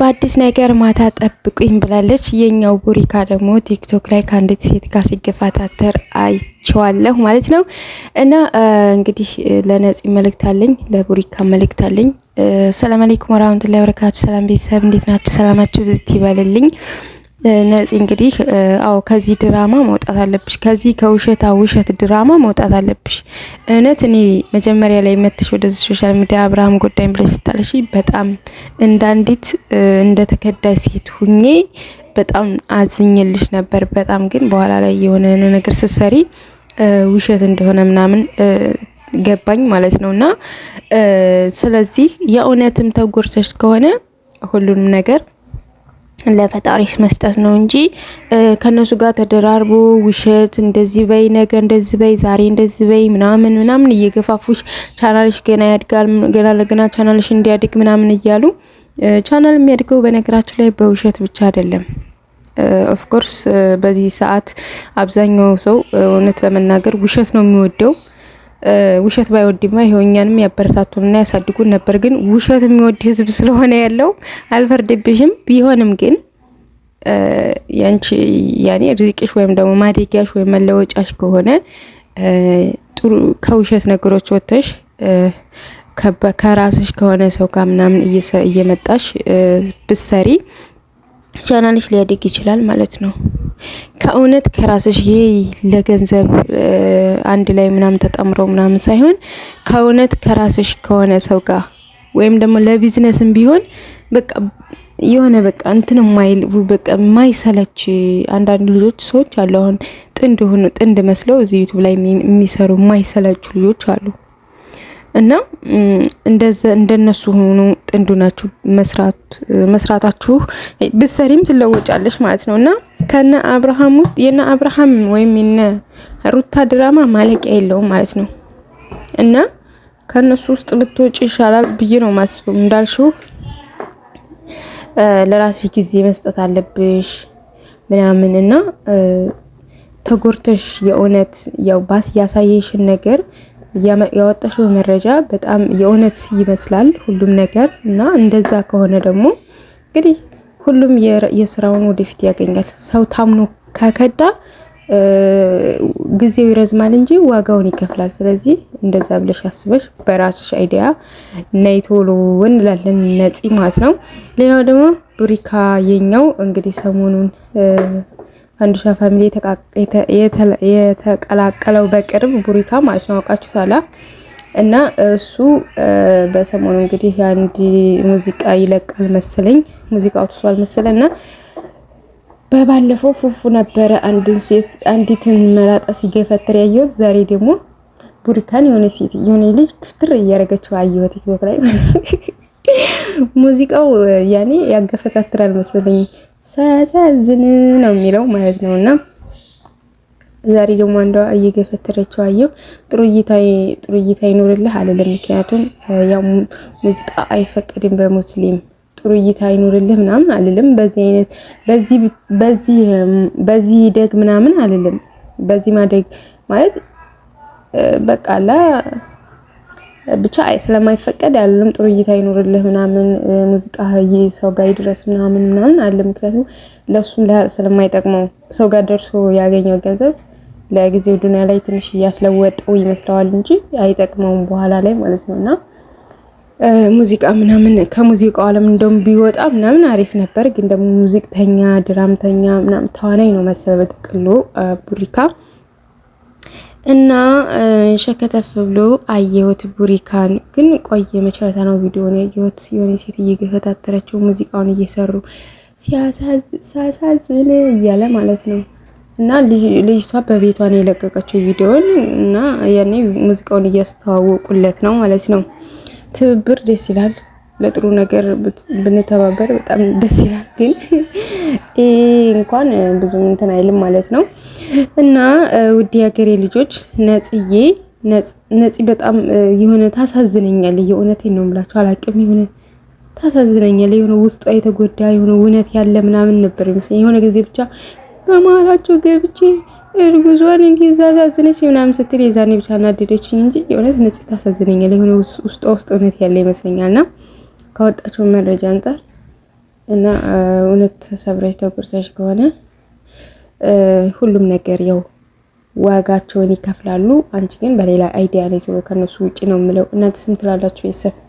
በአዲስ ነገር ማታ ጠብቁኝ ብላለች። የኛው ቡሪካ ደግሞ ቲክቶክ ላይ ከአንዲት ሴት ጋር ሲገፋታተር አይቸዋለሁ ማለት ነው። እና እንግዲህ ለነፂ መልእክት አለኝ፣ ለቡሪካ መልእክት አለኝ። ሰላም አለይኩም ወራህመቱላሂ ወበረካቱ። ሰላም ቤተሰብ እንዴት ናቸው ሰላማችሁ ብዝት ይበልልኝ። ነፂ እንግዲህ አዎ ከዚህ ድራማ መውጣት አለብሽ። ከዚህ ከውሸታ ውሸት ድራማ መውጣት አለብሽ። እውነት እኔ መጀመሪያ ላይ መትሽ ወደዚ ሶሻል ሚዲያ አብርሃም ጎዳኝ ብለሽ ስታለሽ በጣም እንዳንዲት እንደ ተከዳይ ሴት ሁኜ በጣም አዝኝልሽ ነበር። በጣም ግን በኋላ ላይ የሆነ ነገር ስትሰሪ ውሸት እንደሆነ ምናምን ገባኝ ማለት ነው እና ስለዚህ የእውነትም ተጎርተሽ ከሆነ ሁሉንም ነገር ለፈጣሪሽ መስጠት ነው እንጂ ከነሱ ጋር ተደራርቦ ውሸት እንደዚህ በይ ነገ እንደዚህ በይ ዛሬ እንደዚህ በይ ምናምን ምናምን እየገፋፉሽ ቻናልሽ ገና ያድጋል ገና ለገና ቻናልሽ እንዲያድግ ምናምን እያሉ ቻናል የሚያድገው በነገራችን ላይ በውሸት ብቻ አይደለም። ኦፍኮርስ በዚህ ሰዓት አብዛኛው ሰው እውነት ለመናገር ውሸት ነው የሚወደው። ውሸት ባይወድማ ይሄው እኛንም ያበረታቱንና ያሳድጉን ነበር። ግን ውሸት የሚወድ ህዝብ ስለሆነ ያለው አልፈርድብሽም። ቢሆንም ግን ያንቺ ያኔ ሪዝቅሽ ወይም ደግሞ ማደጊያሽ ወይም መለወጫሽ ከሆነ ጥሩ ከውሸት ነገሮች ወጥተሽ ከራስሽ ከሆነ ሰው ጋር ምናምን እየመጣሽ ብሰሪ ቻናልሽ ሊያድግ ይችላል ማለት ነው። ከእውነት ከራስሽ ይሄ ለገንዘብ አንድ ላይ ምናምን ተጠምሮ ምናምን ሳይሆን ከእውነት ከራስሽ ከሆነ ሰው ጋር ወይም ደግሞ ለቢዝነስም ቢሆን በቃ የሆነ በቃ እንትን ማይልቡ በቃ ማይሰለች አንዳንድ ልጆች ሰዎች አሉ። አሁን ጥንድ ሆኖ ጥንድ መስለው እዚህ ዩቱብ ላይ የሚሰሩ ማይሰለች ልጆች አሉ። እና እንደነሱ ሆኑ ጥንዱ ናችሁ መስራታችሁ ብሰሪም ትለወጫለች ማለት ነው። እና ከነ አብርሃም ውስጥ የነ አብርሃም ወይም የነ ሩታ ድራማ ማለቂያ የለውም ማለት ነው። እና ከነሱ ውስጥ ብትወጪ ይሻላል ብዬ ነው ማስበው። እንዳልሽው ለራስሽ ጊዜ መስጠት አለብሽ ምናምን እና ተጎርተሽ የእውነት ያው ባስ ያሳየሽን ነገር ያወጣሽው መረጃ በጣም የእውነት ይመስላል ሁሉም ነገር እና እንደዛ ከሆነ ደግሞ እንግዲህ ሁሉም የስራውን ወደፊት ያገኛል። ሰው ታምኖ ከከዳ ጊዜው ይረዝማል እንጂ ዋጋውን ይከፍላል። ስለዚህ እንደዛ ብለሽ አስበሽ በራስሽ አይዲያ ነይ ቶሎ እንላለን ነፂ ማለት ነው። ሌላው ደግሞ ብሪካ የኛው እንግዲህ ሰሞኑን ፋንዲሻ ፋሚሊ የተቀላቀለው በቅርብ ቡሪካ ማለት ነው። አውቃችሁ ሳላ እና እሱ በሰሞኑ እንግዲህ የአንድ ሙዚቃ ይለቃል መሰለኝ ሙዚቃ አውጥቷል መሰለ እና በባለፈው ፉፉ ነበረ አንዲትን መላጣ ሲገፈትር ያየሁት። ዛሬ ደግሞ ቡሪካን የሆነ ሴት የሆነ ልጅ ክፍትር እያደረገችው አየሁ ቲክቶክ ላይ ሙዚቃው ያኔ ያገፈታትራል መሰለኝ ሳያሳዝን ነው የሚለው ማለት ነው እና ዛሬ ደግሞ አንዷ እየገፈተረችው አየው። ጥሩ እይታ ይኖርልህ አለለም። ምክንያቱም ያው ሙዚቃ አይፈቀድም በሙስሊም ጥሩ እይታ ይኖርልህ ምናምን አለለም። በዚህ አይነት በዚህ በዚህ በዚህ ደግ ምናምን አለለም። በዚህ ማደግ ማለት በቃላ ብቻ ስለማይፈቀድ አለም ጥሩ እይታ ይኖርልህ ምናምን ሙዚቃ ሰው ጋር ይድረስ ምናምን ምናምን አለ። ምክንያቱም ለእሱም ስለማይጠቅመው ሰው ጋር ደርሶ ያገኘው ገንዘብ ለጊዜው ዱኒያ ላይ ትንሽ እያስለወጠው ይመስለዋል እንጂ አይጠቅመውም በኋላ ላይ ማለት ነው። እና ሙዚቃ ምናምን ከሙዚቃው ዓለም እንደውም ቢወጣ ምናምን አሪፍ ነበር። ግን ደግሞ ሙዚቅተኛ ድራምተኛ ምናምን ተዋናይ ነው መሰለ በጥቅሉ ቡሪካ እና ሸከተፍ ብሎ አየሁት ቡሪካን። ግን ቆየ መቸረታ ነው ነው ያየሁት። የሆነ ሴት እየገፈታተረችው ሙዚቃውን እየሰሩ ሲያሳዝን እያለ ማለት ነው። እና ልጅቷ በቤቷ ነው የለቀቀችው ቪዲዮን እና ያኔ ሙዚቃውን እያስተዋወቁለት ነው ማለት ነው። ትብብር ደስ ይላል። ለጥሩ ነገር ብንተባበር በጣም ደስ ይላል። ግን እንኳን ብዙም እንትን አይልም ማለት ነው። እና ውድ የሀገሬ ልጆች ነጽዬ ነጽ በጣም የሆነ ታሳዝነኛል። የእውነቴን ነው የምላቸው አላቅም የሆነ ታሳዝነኛል። የሆነ ውስጧ የተጎዳ የሆነ እውነት ያለ ምናምን ነበር ይመስለኝ። የሆነ ጊዜ ብቻ በመሀላቸው ገብቼ እርጉዟን እንዲህ እዛ አሳዝነች ምናምን ስትል የዛኔ ብቻ እናደደችኝ እንጂ የእውነት ነጽ ታሳዝነኛል። የሆነ ውስጧ ውስጥ እውነት ያለ ይመስለኛል ና ካወጣችው መረጃ አንጻር እና እውነት ተሰብረሽ ተጎርሰሽ ከሆነ ሁሉም ነገር ያው ዋጋቸውን ይከፍላሉ። አንቺ ግን በሌላ አይዲያ ላይ ቶሎ ከነሱ ውጭ ነው የምለው። እናንተ ስም ትላላችሁ ቤተሰብ?